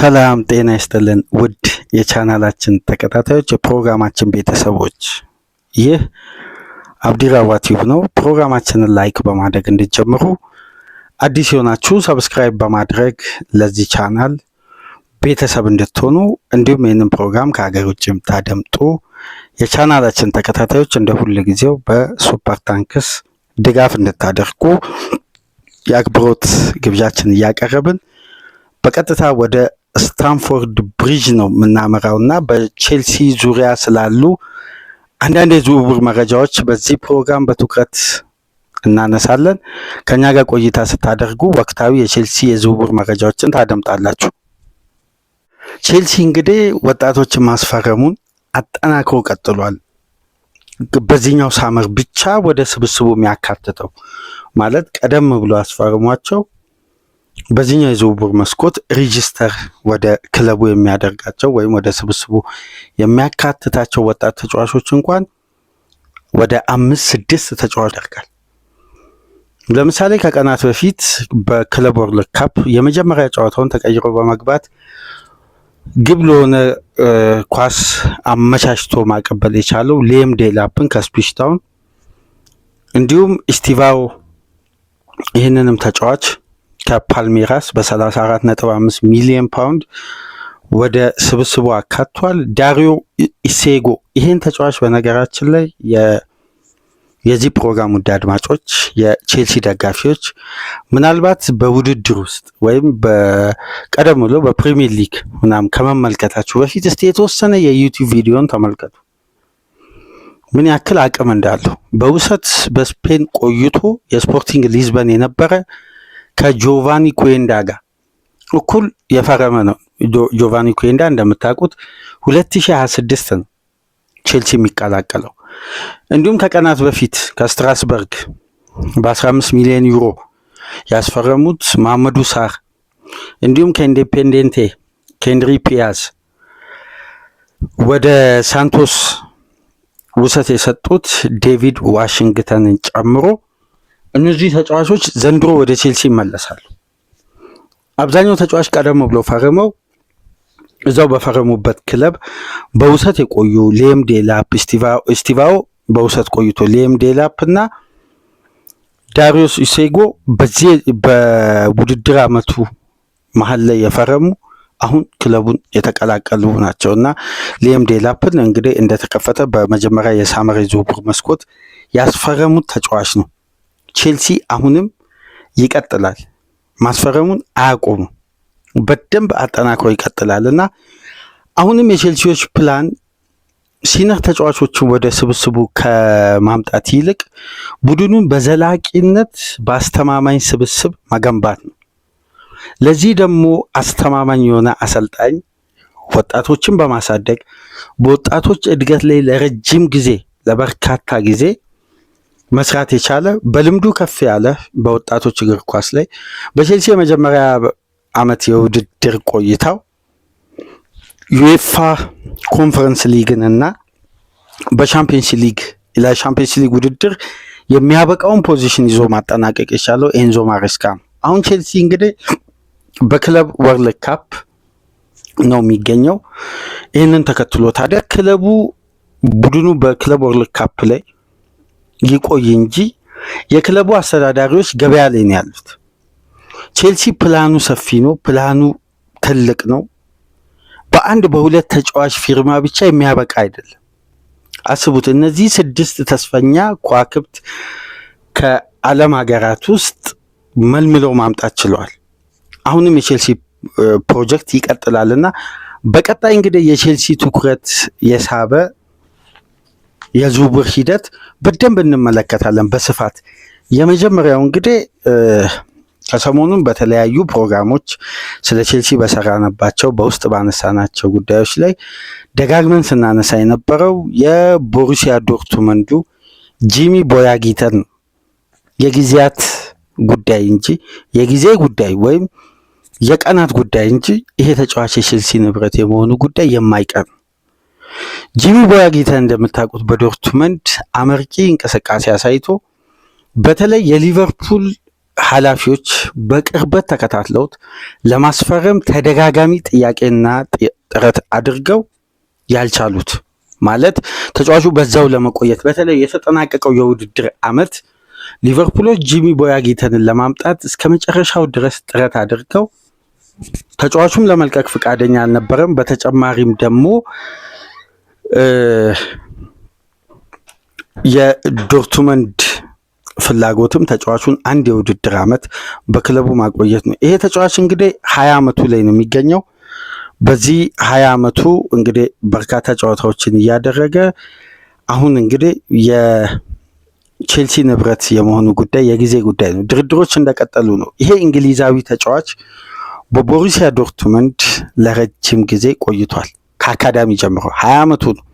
ሰላም ጤና ይስጥልን ውድ የቻናላችን ተከታታዮች የፕሮግራማችን ቤተሰቦች ይህ አብዲራዋ ቲዩብ ነው። ፕሮግራማችንን ላይክ በማድረግ እንድትጀምሩ አዲስ የሆናችሁ ሰብስክራይብ በማድረግ ለዚህ ቻናል ቤተሰብ እንድትሆኑ እንዲሁም ይህንን ፕሮግራም ከሀገር ውጭ የምታደምጡ የቻናላችን ተከታታዮች እንደ ሁል ጊዜው በሱፐር ታንክስ ድጋፍ እንድታደርጉ የአክብሮት ግብዣችን እያቀረብን በቀጥታ ወደ ስታንፎርድ ብሪጅ ነው የምናመራው እና በቼልሲ ዙሪያ ስላሉ አንዳንድ የዝውውር መረጃዎች በዚህ ፕሮግራም በትኩረት እናነሳለን። ከኛ ጋር ቆይታ ስታደርጉ ወቅታዊ የቼልሲ የዝውውር መረጃዎችን ታደምጣላችሁ። ቼልሲ እንግዲህ ወጣቶችን ማስፈረሙን አጠናክሮ ቀጥሏል። በዚህኛው ሳመር ብቻ ወደ ስብስቡ የሚያካትተው ማለት ቀደም ብሎ አስፈርሟቸው በዚህኛው የዝውውር መስኮት ሪጂስተር ወደ ክለቡ የሚያደርጋቸው ወይም ወደ ስብስቡ የሚያካትታቸው ወጣት ተጫዋቾች እንኳን ወደ አምስት ስድስት ተጫዋች ያደርጋል። ለምሳሌ ከቀናት በፊት በክለብ ወርልድ ካፕ የመጀመሪያ ጨዋታውን ተቀይሮ በመግባት ግብ ለሆነ ኳስ አመቻችቶ ማቀበል የቻለው ሌም ዴላፕን ከስፒሽታውን እንዲሁም ኢስቲቫው ይህንንም ተጫዋች ከፓልሜራስ በ34.5 ሚሊዮን ፓውንድ ወደ ስብስቡ አካቷል። ዳሪዮ ኢሴጎ ይህን ተጫዋች በነገራችን ላይ የዚህ ፕሮግራም ውድ አድማጮች፣ የቼልሲ ደጋፊዎች ምናልባት በውድድር ውስጥ ወይም በቀደም ብሎ በፕሪሚየር ሊግ ምናምን ከመመልከታችሁ በፊት እስቲ የተወሰነ የዩቲዩብ ቪዲዮን ተመልከቱ ምን ያክል አቅም እንዳለው በውሰት በስፔን ቆይቶ የስፖርቲንግ ሊዝበን የነበረ ከጆቫኒ ኩዌንዳ ጋር እኩል የፈረመ ነው። ጆቫኒ ኩዌንዳ እንደምታውቁት 2026 ነው ቼልሲ የሚቀላቀለው። እንዲሁም ከቀናት በፊት ከስትራስበርግ በ15 ሚሊዮን ዩሮ ያስፈረሙት ማመዱ ሳር እንዲሁም ከኢንዴፔንዴንቴ ኬንድሪ ፒያዝ ወደ ሳንቶስ ውሰት የሰጡት ዴቪድ ዋሽንግተንን ጨምሮ እነዚህ ተጫዋቾች ዘንድሮ ወደ ቼልሲ ይመለሳሉ። አብዛኛው ተጫዋች ቀደም ብሎ ፈርመው እዛው በፈረሙበት ክለብ በውሰት የቆዩ ሌም ዴላፕ፣ ስቲቫው በውሰት ቆይቶ ሌም ዴላፕ እና ዳሪዮስ ኢሴጎ በዚህ በውድድር አመቱ መሀል ላይ የፈረሙ አሁን ክለቡን የተቀላቀሉ ናቸው እና ሌም ዴላፕን እንግዲህ እንደተከፈተ በመጀመሪያ የሳመሬ ዝውውር መስኮት ያስፈረሙት ተጫዋች ነው። ቼልሲ አሁንም ይቀጥላል። ማስፈረሙን አያቆሙ በደንብ አጠናክሮ ይቀጥላል እና አሁንም የቼልሲዎች ፕላን ሲነር ተጫዋቾችን ወደ ስብስቡ ከማምጣት ይልቅ ቡድኑን በዘላቂነት በአስተማማኝ ስብስብ መገንባት ነው። ለዚህ ደግሞ አስተማማኝ የሆነ አሰልጣኝ ወጣቶችን በማሳደግ በወጣቶች እድገት ላይ ለረጅም ጊዜ ለበርካታ ጊዜ መስራት የቻለ በልምዱ ከፍ ያለ በወጣቶች እግር ኳስ ላይ በቼልሲ የመጀመሪያ ዓመት የውድድር ቆይታው ዩኤፋ ኮንፈረንስ ሊግን እና በሻምፒየንስ ሊግ ለሻምፒየንስ ሊግ ውድድር የሚያበቃውን ፖዚሽን ይዞ ማጠናቀቅ የቻለው ኤንዞ ማሬስካ ነው። አሁን ቼልሲ እንግዲህ በክለብ ወርልድ ካፕ ነው የሚገኘው። ይህንን ተከትሎ ታዲያ ክለቡ ቡድኑ በክለብ ወርልድ ካፕ ላይ ይቆይ እንጂ የክለቡ አስተዳዳሪዎች ገበያ ላይ ነው ያሉት። ቼልሲ ፕላኑ ሰፊ ነው፣ ፕላኑ ትልቅ ነው። በአንድ በሁለት ተጫዋች ፊርማ ብቻ የሚያበቃ አይደለም። አስቡት፣ እነዚህ ስድስት ተስፈኛ ከዋክብት ከዓለም ሀገራት ውስጥ መልምለው ማምጣት ችለዋል። አሁንም የቼልሲ ፕሮጀክት ይቀጥላልና በቀጣይ እንግዲህ የቼልሲ ትኩረት የሳበ የዝውውር ሂደት በደንብ እንመለከታለን በስፋት። የመጀመሪያው እንግዲህ ከሰሞኑን በተለያዩ ፕሮግራሞች ስለ ቼልሲ በሰራንባቸው በውስጥ ባነሳናቸው ጉዳዮች ላይ ደጋግመን ስናነሳ የነበረው የቦሩሲያ ዶርትመንዱ ጂሚ ቦያጊተን የጊዜያት ጉዳይ እንጂ የጊዜ ጉዳይ ወይም የቀናት ጉዳይ እንጂ ይሄ ተጫዋች የቼልሲ ንብረት የመሆኑ ጉዳይ የማይቀር ጂሚ ቦያ ጌታ እንደምታውቁት በዶርትመንድ አመርቂ እንቅስቃሴ አሳይቶ በተለይ የሊቨርፑል ኃላፊዎች በቅርበት ተከታትለውት ለማስፈረም ተደጋጋሚ ጥያቄና ጥረት አድርገው ያልቻሉት ማለት ተጫዋቹ በዛው ለመቆየት በተለይ የተጠናቀቀው የውድድር ዓመት ሊቨርፑሎች ጂሚ ቦያ ጌተንን ለማምጣት እስከ መጨረሻው ድረስ ጥረት አድርገው ተጫዋቹም ለመልቀቅ ፈቃደኛ አልነበረም። በተጨማሪም ደግሞ የዶርትመንድ ፍላጎትም ተጫዋቹን አንድ የውድድር ዓመት በክለቡ ማቆየት ነው። ይሄ ተጫዋች እንግዲህ ሀያ ዓመቱ ላይ ነው የሚገኘው። በዚህ ሀያ ዓመቱ እንግዲህ በርካታ ጨዋታዎችን እያደረገ አሁን እንግዲህ የቼልሲ ንብረት የመሆኑ ጉዳይ የጊዜ ጉዳይ ነው። ድርድሮች እንደቀጠሉ ነው። ይሄ እንግሊዛዊ ተጫዋች በቦሩሲያ ዶርትመንድ ለረጅም ጊዜ ቆይቷል። ከአካዳሚ ጀምሮ ሀያ ዓመቱ ነው።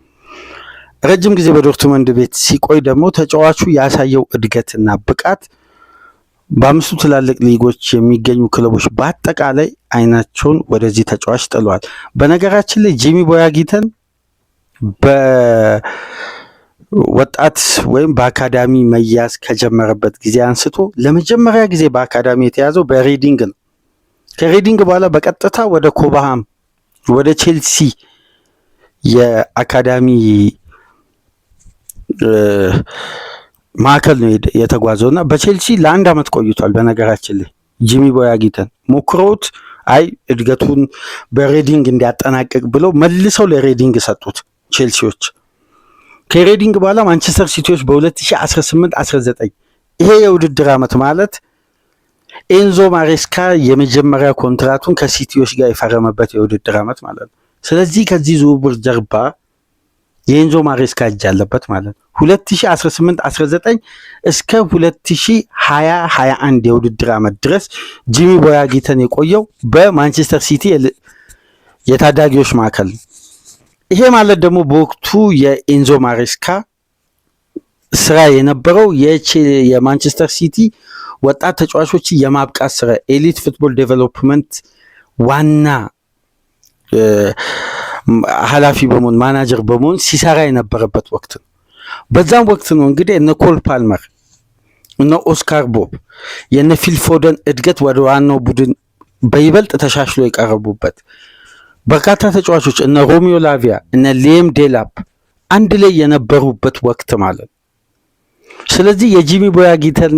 ረጅም ጊዜ በዶርትመንድ ቤት ሲቆይ ደግሞ ተጫዋቹ ያሳየው እድገትና ብቃት በአምስቱ ትላልቅ ሊጎች የሚገኙ ክለቦች በአጠቃላይ አይናቸውን ወደዚህ ተጫዋች ጥለዋል። በነገራችን ላይ ጂሚ ቦያጊተን በወጣት ወይም በአካዳሚ መያዝ ከጀመረበት ጊዜ አንስቶ ለመጀመሪያ ጊዜ በአካዳሚ የተያዘው በሬዲንግ ነው። ከሬዲንግ በኋላ በቀጥታ ወደ ኮባሃም ወደ ቼልሲ የአካዳሚ ማዕከል ነው የተጓዘው እና በቼልሲ ለአንድ አመት ቆይቷል። በነገራችን ላይ ጂሚ ቦይ ሞክሮት አይ እድገቱን በሬዲንግ እንዲያጠናቅቅ ብለው መልሰው ለሬዲንግ ሰጡት ቼልሲዎች። ከሬዲንግ በኋላ ማንቸስተር ሲቲዎች በ2018 19 ይሄ የውድድር አመት ማለት ኤንዞ ማሬስካ የመጀመሪያ ኮንትራቱን ከሲቲዎች ጋር የፈረመበት የውድድር አመት ማለት ነው። ስለዚህ ከዚህ ዝውውር ጀርባ የኤንዞ ማሬስካ እጅ አለበት ማለት ነው። 2018 19 እስከ 2020 21 የውድድር ዓመት ድረስ ጂሚ ቦያጊተን የቆየው በማንቸስተር ሲቲ የታዳጊዎች ማዕከል ነው። ይሄ ማለት ደግሞ በወቅቱ የኤንዞ ማሬስካ ስራ የነበረው የማንቸስተር ሲቲ ወጣት ተጫዋቾችን የማብቃት ስራ ኤሊት ፉትቦል ዴቨሎፕመንት ዋና ኃላፊ በመሆን ማናጀር በመሆን ሲሰራ የነበረበት ወቅት ነው። በዛም ወቅት ነው እንግዲህ እነ ኮል ፓልመር እነ ኦስካር ቦብ የነ ፊልፎደን እድገት ወደ ዋናው ቡድን በይበልጥ ተሻሽሎ የቀረቡበት በርካታ ተጫዋቾች እነ ሮሚዮ ላቪያ እነ ሌም ዴላፕ አንድ ላይ የነበሩበት ወቅት ማለት ነው። ስለዚህ የጂሚ ቦያጊተን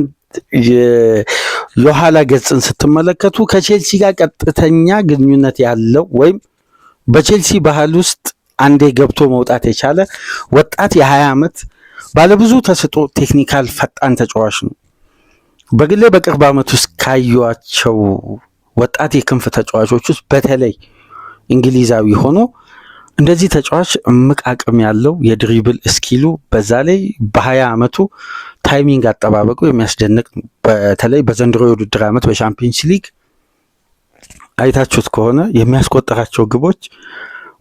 የኋላ ገጽን ስትመለከቱ ከቼልሲ ጋር ቀጥተኛ ግንኙነት ያለው ወይም በቼልሲ ባህል ውስጥ አንዴ ገብቶ መውጣት የቻለ ወጣት የ20 ዓመት ባለብዙ ተስጦ ቴክኒካል ፈጣን ተጫዋች ነው። በግሌ በቅርብ ዓመት ውስጥ ካዩቸው ወጣት የክንፍ ተጫዋቾች ውስጥ በተለይ እንግሊዛዊ ሆኖ እንደዚህ ተጫዋች እምቅ አቅም ያለው የድሪብል እስኪሉ በዛ ላይ በ20 ዓመቱ ታይሚንግ አጠባበቁ የሚያስደንቅ በተለይ በዘንድሮ የውድድር ዓመት በሻምፒዮንስ ሊግ አይታችሁት ከሆነ የሚያስቆጠራቸው ግቦች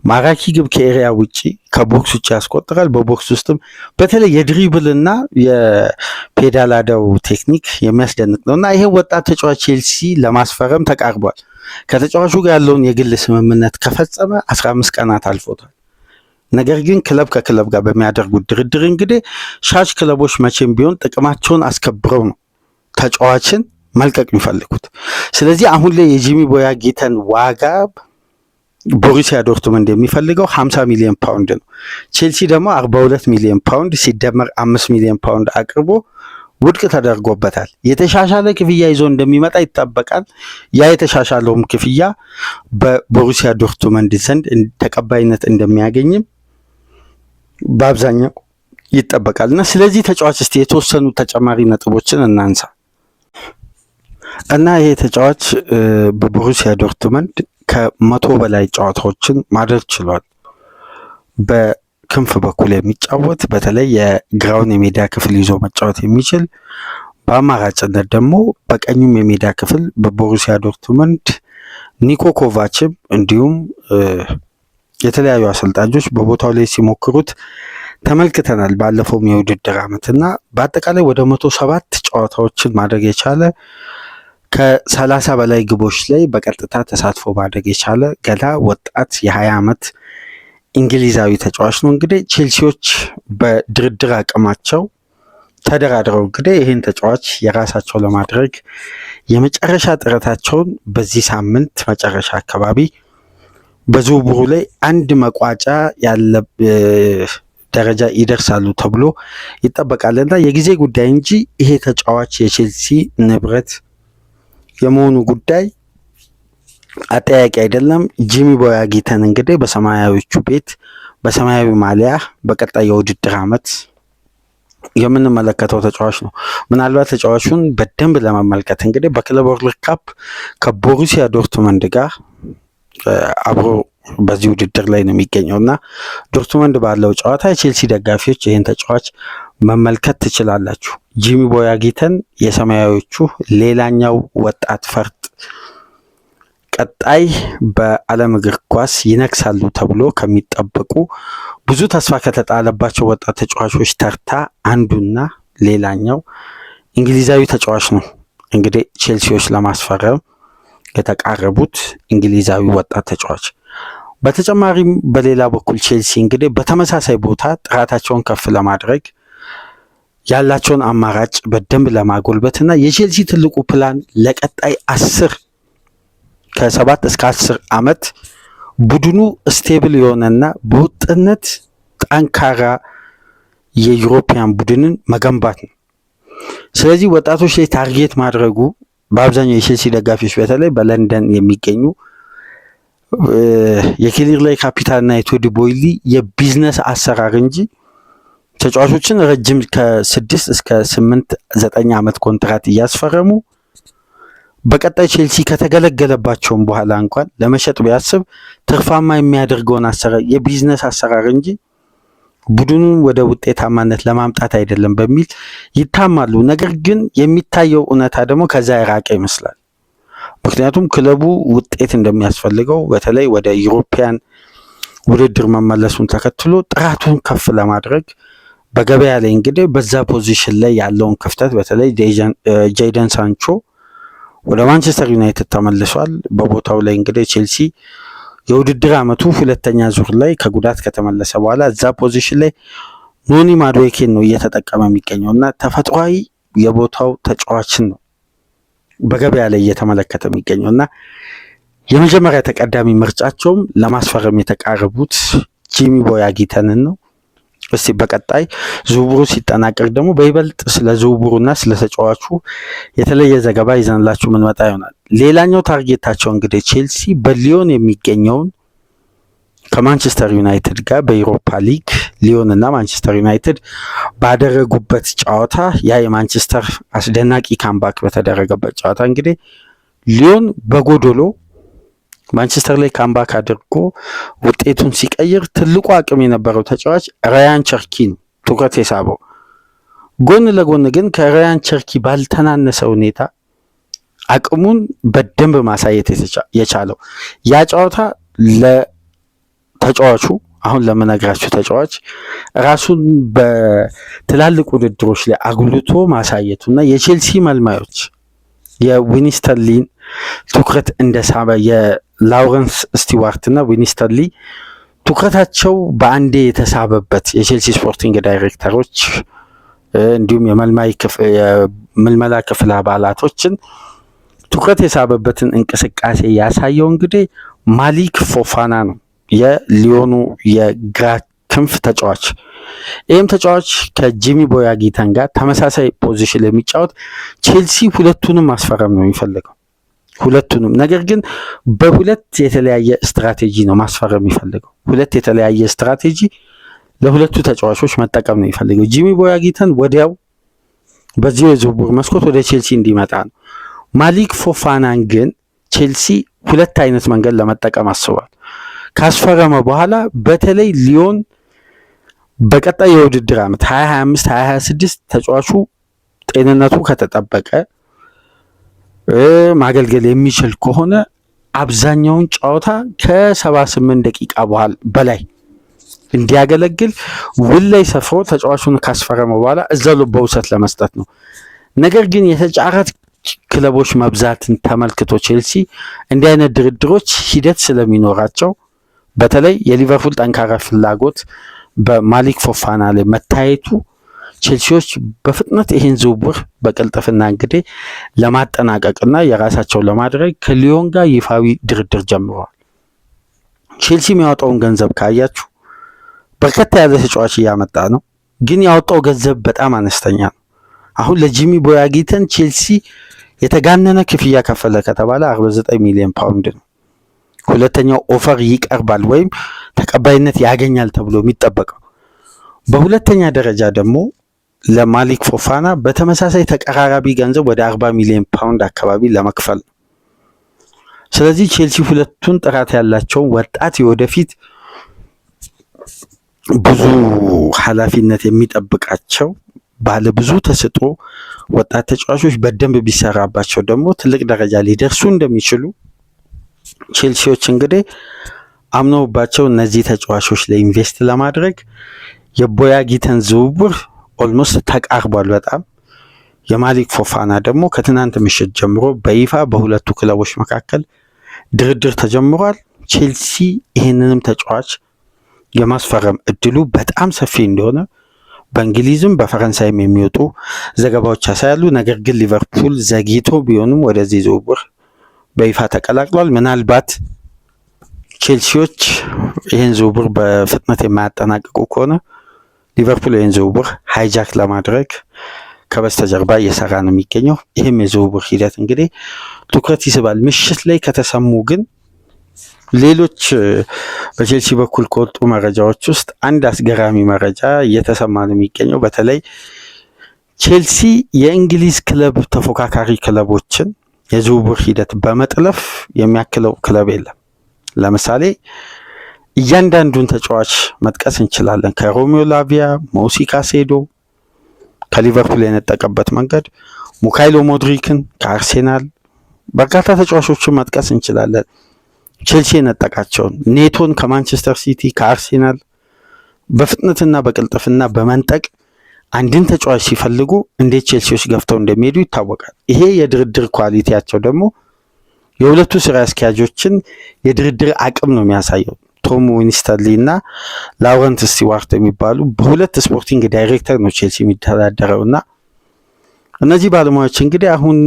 ማራኪ ግብ ከኤሪያ ውጪ ከቦክስ ውጭ ያስቆጥራል። በቦክስ ውስጥም በተለይ የድሪብልና የፔዳላደው ቴክኒክ የሚያስደንቅ ነው እና ይሄ ወጣት ተጫዋች ቼልሲ ለማስፈረም ተቃርቧል። ከተጫዋቹ ጋር ያለውን የግል ስምምነት ከፈጸመ 15 ቀናት አልፎታል። ነገር ግን ክለብ ከክለብ ጋር በሚያደርጉት ድርድር እንግዲህ ሻሽ ክለቦች መቼም ቢሆን ጥቅማቸውን አስከብረው ነው ተጫዋችን መልቀቅ የሚፈልጉት። ስለዚህ አሁን ላይ የጂሚ ቦያ ጌተን ዋጋ ቦሩሲያ ዶርትመንድ የሚፈልገው 50 ሚሊዮን ፓውንድ ነው። ቼልሲ ደግሞ 42 ሚሊዮን ፓውንድ ሲደመር 5 ሚሊዮን ፓውንድ አቅርቦ ውድቅ ተደርጎበታል። የተሻሻለ ክፍያ ይዞ እንደሚመጣ ይጠበቃል። ያ የተሻሻለውም ክፍያ በቦሩሲያ ዶርትመንድ ዘንድ ተቀባይነት እንደሚያገኝም በአብዛኛው ይጠበቃል እና ስለዚህ ተጫዋች እስቲ የተወሰኑ ተጨማሪ ነጥቦችን እናንሳ። እና ይሄ ተጫዋች በቦሩሲያ ዶርትመንድ ከመቶ በላይ ጨዋታዎችን ማድረግ ችሏል። በክንፍ በኩል የሚጫወት በተለይ የግራውን የሜዳ ክፍል ይዞ መጫወት የሚችል በአማራጭነት ደግሞ በቀኙም የሜዳ ክፍል በቦሩሲያ ዶርትመንድ ኒኮ ኮቫችም እንዲሁም የተለያዩ አሰልጣኞች በቦታው ላይ ሲሞክሩት ተመልክተናል። ባለፈውም የውድድር ዓመት እና በአጠቃላይ ወደ መቶ ሰባት ጨዋታዎችን ማድረግ የቻለ ከሰላሳ በላይ ግቦች ላይ በቀጥታ ተሳትፎ ማድረግ የቻለ ገና ወጣት የ20 ዓመት እንግሊዛዊ ተጫዋች ነው። እንግዲህ ቼልሲዎች በድርድር አቅማቸው ተደራድረው እንግዲህ ይህን ተጫዋች የራሳቸው ለማድረግ የመጨረሻ ጥረታቸውን በዚህ ሳምንት መጨረሻ አካባቢ በዝውውሩ ላይ አንድ መቋጫ ያለ ደረጃ ይደርሳሉ ተብሎ እና የጊዜ ጉዳይ እንጂ ይሄ ተጫዋች የቼልሲ ንብረት የመሆኑ ጉዳይ አጠያቂ አይደለም። ጂሚ ቦያ አግኝተን እንግዲህ በሰማያዊዎቹ ቤት በሰማያዊ ማሊያ በቀጣይ የውድድር ዓመት የምንመለከተው ተጫዋች ነው። ምናልባት ተጫዋቹን በደንብ ለመመልከት እንግዲህ በክለብ ወርልድ ካፕ ከቦሩሲያ ዶርትመንድ ጋር አብሮ በዚህ ውድድር ላይ ነው የሚገኘው እና ዶርትመንድ ባለው ጨዋታ የቼልሲ ደጋፊዎች ይህን ተጫዋች መመልከት ትችላላችሁ። ጂሚ ቦያጊተን አጊተን የሰማያዎቹ ሌላኛው ወጣት ፈርጥ ቀጣይ በዓለም እግር ኳስ ይነግሳሉ ተብሎ ከሚጠበቁ ብዙ ተስፋ ከተጣለባቸው ወጣት ተጫዋቾች ተርታ አንዱና ሌላኛው እንግሊዛዊ ተጫዋች ነው። እንግዲህ ቼልሲዎች ለማስፈረም የተቃረቡት እንግሊዛዊ ወጣት ተጫዋች። በተጨማሪም በሌላ በኩል ቼልሲ እንግዲህ በተመሳሳይ ቦታ ጥራታቸውን ከፍ ለማድረግ ያላቸውን አማራጭ በደንብ ለማጎልበት እና የቼልሲ ትልቁ ፕላን ለቀጣይ አስር ከሰባት እስከ አስር ዓመት ቡድኑ ስቴብል የሆነና በወጥነት ጠንካራ የዩሮፒያን ቡድንን መገንባት ነው። ስለዚህ ወጣቶች ላይ ታርጌት ማድረጉ በአብዛኛው የቼልሲ ደጋፊዎች በተለይ በለንደን የሚገኙ የክሊር ላይ ካፒታልና የቶዲ ቦይሊ የቢዝነስ አሰራር እንጂ ተጫዋቾችን ረጅም ከስድስት እስከ ስምንት ዘጠኝ ዓመት ኮንትራት እያስፈረሙ በቀጣይ ቼልሲ ከተገለገለባቸውም በኋላ እንኳን ለመሸጥ ቢያስብ ትርፋማ የሚያደርገውን አሰራር የቢዝነስ አሰራር እንጂ ቡድኑን ወደ ውጤታማነት ለማምጣት አይደለም በሚል ይታማሉ። ነገር ግን የሚታየው እውነታ ደግሞ ከዛ የራቀ ይመስላል። ምክንያቱም ክለቡ ውጤት እንደሚያስፈልገው በተለይ ወደ ዩሮፒያን ውድድር መመለሱን ተከትሎ ጥራቱን ከፍ ለማድረግ በገበያ ላይ እንግዲህ በዛ ፖዚሽን ላይ ያለውን ክፍተት በተለይ ጄደን ሳንቾ ወደ ማንቸስተር ዩናይትድ ተመልሷል። በቦታው ላይ እንግዲህ ቼልሲ የውድድር ዓመቱ ሁለተኛ ዙር ላይ ከጉዳት ከተመለሰ በኋላ እዛ ፖዚሽን ላይ ኖኒ ማድዌኬን ነው እየተጠቀመ የሚገኘው እና ተፈጥሯዊ የቦታው ተጫዋችን ነው በገበያ ላይ እየተመለከተ የሚገኘው እና የመጀመሪያ ተቀዳሚ ምርጫቸውም ለማስፈረም የተቃረቡት ጂሚ ቦያጊተንን ነው። እስቲ በቀጣይ ዝውውሩ ሲጠናቀቅ ደግሞ በይበልጥ ስለ ዝውውሩና ስለ ተጫዋቹ የተለየ ዘገባ ይዘንላችሁ ምንመጣ ይሆናል። ሌላኛው ታርጌታቸው እንግዲህ ቼልሲ በሊዮን የሚገኘውን ከማንቸስተር ዩናይትድ ጋር በኢሮፓ ሊግ ሊዮን እና ማንቸስተር ዩናይትድ ባደረጉበት ጨዋታ ያ የማንቸስተር አስደናቂ ካምባክ በተደረገበት ጨዋታ እንግዲህ ሊዮን በጎዶሎ ማንቸስተር ላይ ካምባክ አድርጎ ውጤቱን ሲቀይር ትልቁ አቅም የነበረው ተጫዋች ራያን ቸርኪ ነው ትኩረት የሳበው። ጎን ለጎን ግን ከራያን ቸርኪ ባልተናነሰ ሁኔታ አቅሙን በደንብ ማሳየት የቻለው ያ ጨዋታ ለተጫዋቹ አሁን ለምነግራችሁ ተጫዋች ራሱን በትላልቅ ውድድሮች ላይ አጉልቶ ማሳየቱና የቼልሲ መልማዮች የዊኒስተር ሊን ትኩረት እንደሳበ የላውረንስ ስቲዋርትና ዊኒስተን ሊ ትኩረታቸው በአንዴ የተሳበበት የቼልሲ ስፖርቲንግ ዳይሬክተሮች እንዲሁም የምልመላ ክፍል አባላቶችን ትኩረት የሳበበትን እንቅስቃሴ ያሳየው እንግዲህ ማሊክ ፎፋና ነው፣ የሊዮኑ የግራ ክንፍ ተጫዋች። ይህም ተጫዋች ከጂሚ ቦያጊተን ጋር ተመሳሳይ ፖዚሽን የሚጫወት ቼልሲ ሁለቱንም ማስፈረም ነው የሚፈልገው። ሁለቱንም። ነገር ግን በሁለት የተለያየ ስትራቴጂ ነው ማስፈረም የሚፈልገው። ሁለት የተለያየ ስትራቴጂ ለሁለቱ ተጫዋቾች መጠቀም ነው የሚፈልገው። ጂሚ ቦያጊተን ወዲያው በዚህ የዝውውር መስኮት ወደ ቼልሲ እንዲመጣ ነው። ማሊክ ፎፋናን ግን ቼልሲ ሁለት አይነት መንገድ ለመጠቀም አስቧል። ካስፈረመ በኋላ በተለይ ሊዮን በቀጣይ የውድድር ዓመት 2025 2026 ተጫዋቹ ጤንነቱ ከተጠበቀ ማገልገል የሚችል ከሆነ አብዛኛውን ጨዋታ ከሰባ ስምንት ደቂቃ በኋላ በላይ እንዲያገለግል ውል ላይ ሰፍሮ ተጫዋቹን ካስፈረመ በኋላ እዛ በውሰት ለመስጠት ነው። ነገር ግን የተጫረት ክለቦች መብዛትን ተመልክቶ ቼልሲ እንዲህ አይነት ድርድሮች ሂደት ስለሚኖራቸው በተለይ የሊቨርፑል ጠንካራ ፍላጎት በማሊክ ፎፋና ላይ መታየቱ ቼልሲዎች በፍጥነት ይህን ዝውውር በቅልጥፍና እንግዲህ ለማጠናቀቅና የራሳቸው ለማድረግ ከሊዮን ጋር ይፋዊ ድርድር ጀምረዋል። ቼልሲ የሚያወጣውን ገንዘብ ካያችሁ በርከታ ያለ ተጫዋች እያመጣ ነው፣ ግን ያወጣው ገንዘብ በጣም አነስተኛ ነው። አሁን ለጂሚ ቦያጊተን ቼልሲ የተጋነነ ክፍያ ከፈለ ከተባለ 49 ሚሊዮን ፓውንድ ነው። ሁለተኛው ኦፈር ይቀርባል ወይም ተቀባይነት ያገኛል ተብሎ የሚጠበቀው። በሁለተኛ ደረጃ ደግሞ ለማሊክ ፎፋና በተመሳሳይ ተቀራራቢ ገንዘብ ወደ 40 ሚሊዮን ፓውንድ አካባቢ ለመክፈል ነው። ስለዚህ ቼልሲ ሁለቱን ጥራት ያላቸውን ወጣት የወደፊት ብዙ ኃላፊነት የሚጠብቃቸው ባለ ብዙ ተሰጥኦ ወጣት ተጫዋቾች በደንብ ቢሰራባቸው ደግሞ ትልቅ ደረጃ ሊደርሱ እንደሚችሉ ቼልሲዎች እንግዲህ አምነውባቸው እነዚህ ተጫዋቾች ላይ ኢንቨስት ለማድረግ የቦያጊተን ዝውውር ኦልሞስት ተቃርቧል በጣም የማሊክ ፎፋና ደግሞ ከትናንት ምሽት ጀምሮ በይፋ በሁለቱ ክለቦች መካከል ድርድር ተጀምሯል። ቼልሲ ይህንንም ተጫዋች የማስፈረም እድሉ በጣም ሰፊ እንደሆነ በእንግሊዝም በፈረንሳይም የሚወጡ ዘገባዎች ያሳያሉ። ነገር ግን ሊቨርፑል ዘግይቶ ቢሆንም ወደዚህ ዝውውር በይፋ ተቀላቅሏል። ምናልባት ቼልሲዎች ይህን ዝውውር በፍጥነት የማያጠናቅቁ ከሆነ ሊቨርፑል ይህን ዝውውር ሃይጃክ ለማድረግ ከበስተጀርባ እየሰራ ነው የሚገኘው። ይህም የዝውውር ሂደት እንግዲህ ትኩረት ይስባል። ምሽት ላይ ከተሰሙ ግን ሌሎች በቼልሲ በኩል ከወጡ መረጃዎች ውስጥ አንድ አስገራሚ መረጃ እየተሰማ ነው የሚገኘው። በተለይ ቼልሲ የእንግሊዝ ክለብ ተፎካካሪ ክለቦችን የዝውውር ሂደት በመጥለፍ የሚያክለው ክለብ የለም። ለምሳሌ እያንዳንዱን ተጫዋች መጥቀስ እንችላለን። ከሮሚዮ ላቪያ፣ ሞሲ ካይሴዶ ከሊቨርፑል የነጠቀበት መንገድ፣ ሙካይሎ ሞድሪክን ከአርሴናል በርካታ ተጫዋቾችን መጥቀስ እንችላለን። ቼልሲ የነጠቃቸውን ኔቶን ከማንቸስተር ሲቲ ከአርሴናል በፍጥነትና በቅልጥፍና በመንጠቅ አንድን ተጫዋች ሲፈልጉ እንዴት ቼልሲዎች ገፍተው እንደሚሄዱ ይታወቃል። ይሄ የድርድር ኳሊቲያቸው ደግሞ የሁለቱ ስራ አስኪያጆችን የድርድር አቅም ነው የሚያሳየው። ቶም ዊንስተርሊ እና ላውረንት ስቲዋርት የሚባሉ በሁለት ስፖርቲንግ ዳይሬክተር ነው ቼልሲ የሚተዳደረው እና እነዚህ ባለሙያዎች እንግዲህ አሁን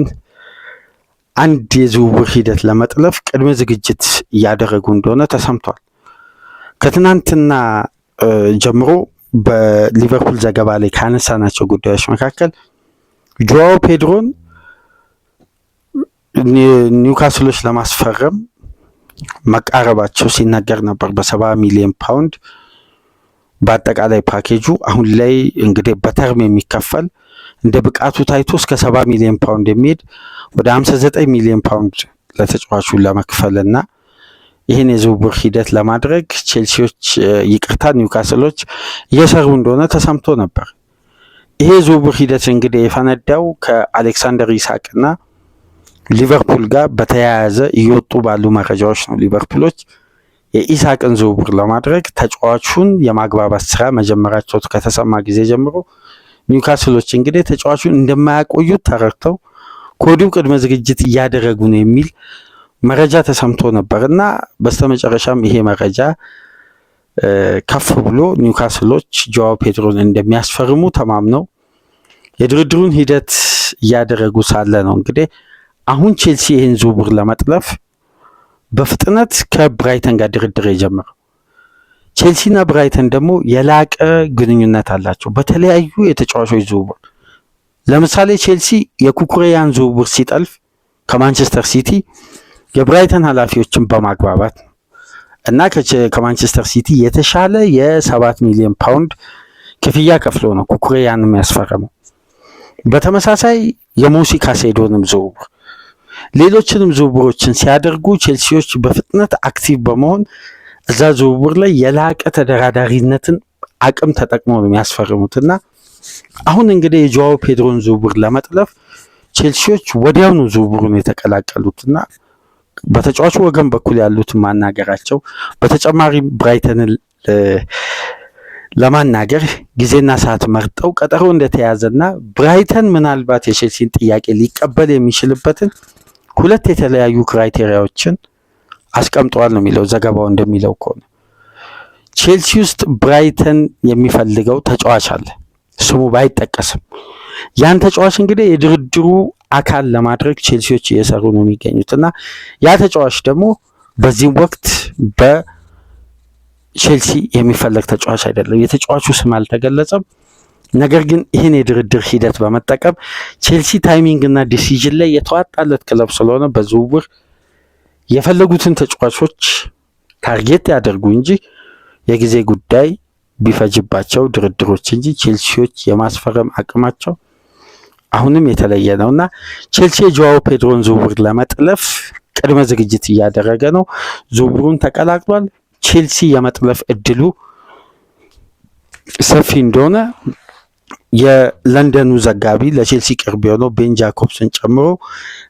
አንድ የዝውውር ሂደት ለመጥለፍ ቅድመ ዝግጅት እያደረጉ እንደሆነ ተሰምቷል። ከትናንትና ጀምሮ በሊቨርፑል ዘገባ ላይ ካነሳናቸው ጉዳዮች መካከል ጆዋው ፔድሮን ኒውካስሎች ለማስፈረም መቃረባቸው ሲነገር ነበር በሰባ ሚሊዮን ፓውንድ በአጠቃላይ ፓኬጁ አሁን ላይ እንግዲህ በተርም የሚከፈል እንደ ብቃቱ ታይቶ እስከ ሰባ ሚሊዮን ፓውንድ የሚሄድ ወደ ሀምሳ ዘጠኝ ሚሊዮን ፓውንድ ለተጫዋቹ ለመክፈልና ይህን የዝውውር ሂደት ለማድረግ ቼልሲዎች ይቅርታ ኒውካስሎች እየሰሩ እንደሆነ ተሰምቶ ነበር። ይሄ ዝውውር ሂደት እንግዲህ የፈነዳው ከአሌክሳንደር ኢሳቅና ሊቨርፑል ጋር በተያያዘ እየወጡ ባሉ መረጃዎች ነው። ሊቨርፑሎች የኢሳቅን ዝውውር ለማድረግ ተጫዋቹን የማግባባት ስራ መጀመራቸው ከተሰማ ጊዜ ጀምሮ ኒውካስሎች እንግዲህ ተጫዋቹን እንደማያቆዩት ተረድተው ከወዲሁ ቅድመ ዝግጅት እያደረጉ ነው የሚል መረጃ ተሰምቶ ነበር እና በስተመጨረሻም ይሄ መረጃ ከፍ ብሎ ኒውካስሎች ጆዋው ፔድሮን እንደሚያስፈርሙ ተማምነው የድርድሩን ሂደት እያደረጉ ሳለ ነው እንግዲህ አሁን ቼልሲ ይህን ዝውውር ለመጥለፍ በፍጥነት ከብራይተን ጋር ድርድር የጀመረው ቼልሲና ብራይተን ደግሞ የላቀ ግንኙነት አላቸው በተለያዩ የተጫዋቾች ዝውውር። ለምሳሌ ቼልሲ የኩኩሬያን ዝውውር ሲጠልፍ ከማንቸስተር ሲቲ የብራይተን ኃላፊዎችን በማግባባት ነው እና ከማንቸስተር ሲቲ የተሻለ የሰባት ሚሊዮን ፓውንድ ክፍያ ከፍሎ ነው ኩኩሬያንም ያስፈረመው። በተመሳሳይ የሞሲ ካሴዶንም ዝውውር ሌሎችንም ዝውውሮችን ሲያደርጉ ቼልሲዎች በፍጥነት አክቲቭ በመሆን እዛ ዝውውር ላይ የላቀ ተደራዳሪነትን አቅም ተጠቅሞ ነው የሚያስፈርሙት እና አሁን እንግዲህ የጆዋው ፔድሮን ዝውውር ለመጥለፍ ቼልሲዎች ወዲያውኑ ዝውውሩን የተቀላቀሉትና በተጫዋቹ ወገን በኩል ያሉት ማናገራቸው በተጨማሪም ብራይተንን ለማናገር ጊዜና ሰዓት መርጠው ቀጠሮ እንደተያዘና ብራይተን ምናልባት የቼልሲን ጥያቄ ሊቀበል የሚችልበትን ሁለት የተለያዩ ክራይቴሪያዎችን አስቀምጠዋል ነው የሚለው ዘገባው እንደሚለው ከሆነ ቼልሲ ውስጥ ብራይተን የሚፈልገው ተጫዋች አለ። ስሙ ባይጠቀስም ያን ተጫዋች እንግዲህ የድርድሩ አካል ለማድረግ ቼልሲዎች እየሰሩ ነው የሚገኙት እና ያ ተጫዋች ደግሞ በዚህም ወቅት በቼልሲ የሚፈለግ ተጫዋች አይደለም። የተጫዋቹ ስም አልተገለጸም። ነገር ግን ይህን የድርድር ሂደት በመጠቀም ቼልሲ ታይሚንግ እና ዲሲዥን ላይ የተዋጣለት ክለብ ስለሆነ በዝውውር የፈለጉትን ተጫዋቾች ታርጌት ያደርጉ እንጂ የጊዜ ጉዳይ ቢፈጅባቸው ድርድሮች እንጂ ቼልሲዎች የማስፈረም አቅማቸው አሁንም የተለየ ነው እና ቼልሲ የጆዋው ፔድሮን ዝውውር ለመጥለፍ ቅድመ ዝግጅት እያደረገ ነው። ዝውውሩን ተቀላቅሏል። ቼልሲ የመጥለፍ እድሉ ሰፊ እንደሆነ የለንደኑ ዘጋቢ ለቼልሲ ቅርብ የሆነው ቤን ጃኮብስን ጨምሮ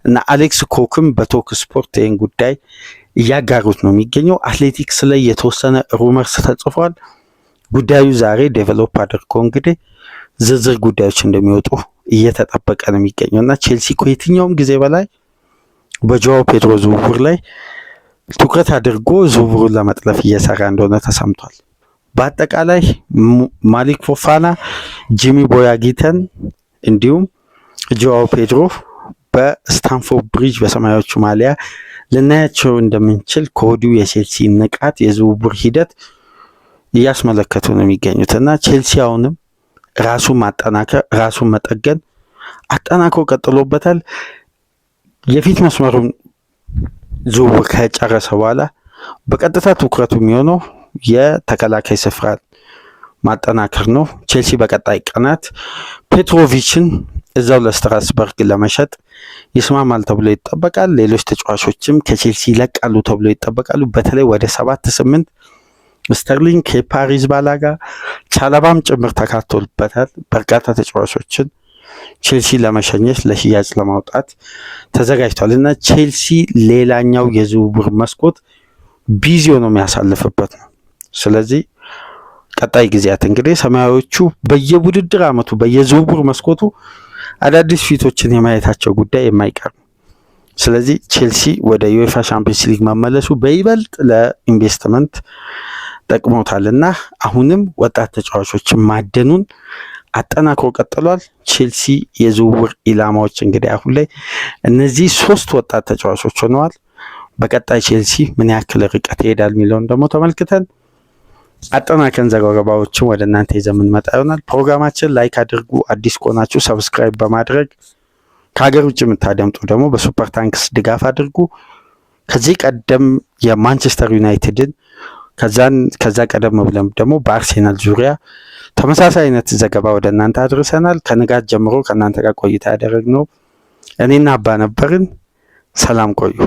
እና አሌክስ ኮክም በቶክ ስፖርት ይህን ጉዳይ እያጋሩት ነው የሚገኘው። አትሌቲክስ ላይ የተወሰነ ሩመርስ ተጽፏል። ጉዳዩ ዛሬ ዴቨሎፕ አድርጎ እንግዲህ ዝርዝር ጉዳዮች እንደሚወጡ እየተጠበቀ ነው የሚገኘው እና ቼልሲ ከየትኛውም ጊዜ በላይ በጆዋ ፔድሮ ዝውውር ላይ ትኩረት አድርጎ ዝውውሩን ለመጥለፍ እየሰራ እንደሆነ ተሰምቷል። በአጠቃላይ ማሊክ ፎፋና፣ ጂሚ ቦያጊተን እንዲሁም ጆዋው ፔድሮ በስታንፎርድ ብሪጅ በሰማያዊዎቹ ማሊያ ልናያቸው እንደምንችል ከወዲሁ የቼልሲ ንቃት የዝውውር ሂደት እያስመለከቱ ነው የሚገኙት እና ቼልሲ አሁንም ራሱን ማጠናከር ራሱን መጠገን አጠናክሮ ቀጥሎበታል። የፊት መስመሩን ዝውውር ከጨረሰ በኋላ በቀጥታ ትኩረቱ የሚሆነው የተከላካይ ስፍራ ማጠናከር ነው። ቼልሲ በቀጣይ ቀናት ፔትሮቪችን እዛው ለስትራስበርግ ለመሸጥ ይስማማል ተብሎ ይጠበቃል። ሌሎች ተጫዋቾችም ከቼልሲ ይለቃሉ ተብሎ ይጠበቃሉ። በተለይ ወደ ሰባት ስምንት ስተርሊንግ፣ የፓሪስ ባላጋ፣ ቻለባም ጭምር ተካቶልበታል። በርካታ ተጫዋቾችን ቼልሲ ለመሸኘት ለሽያጭ ለማውጣት ተዘጋጅቷል እና ቼልሲ ሌላኛው የዝውውር መስኮት ቢዚ ሆኖ የሚያሳልፍበት ነው። ስለዚህ ቀጣይ ጊዜያት እንግዲህ ሰማያዊዎቹ በየውድድር ዓመቱ በየዝውውር መስኮቱ አዳዲስ ፊቶችን የማየታቸው ጉዳይ የማይቀር ስለዚህ ቼልሲ ወደ ዩኤፋ ሻምፒዮንስ ሊግ መመለሱ በይበልጥ ለኢንቨስትመንት ጠቅሞታል እና አሁንም ወጣት ተጫዋቾችን ማደኑን አጠናክሮ ቀጥሏል። ቼልሲ የዝውውር ኢላማዎች እንግዲህ አሁን ላይ እነዚህ ሶስት ወጣት ተጫዋቾች ሆነዋል። በቀጣይ ቼልሲ ምን ያክል ርቀት ይሄዳል የሚለውን ደግሞ ተመልክተን አጠናከን ዘገባዎችን ወደ እናንተ ይዘን የምንመጣ ይሆናል። ፕሮግራማችን ላይክ አድርጉ፣ አዲስ ከሆናችሁ ሰብስክራይብ በማድረግ ከሀገር ውጭ የምታደምጡ ደግሞ በሱፐር ታንክስ ድጋፍ አድርጉ። ከዚህ ቀደም የማንቸስተር ዩናይትድን ከዛን ከዛ ቀደም ብለን ደግሞ በአርሴናል ዙሪያ ተመሳሳይ አይነት ዘገባ ወደ እናንተ አድርሰናል። ከንጋት ጀምሮ ከእናንተ ጋር ቆይታ ያደረግነው እኔና አባ ነበርን። ሰላም ቆዩ።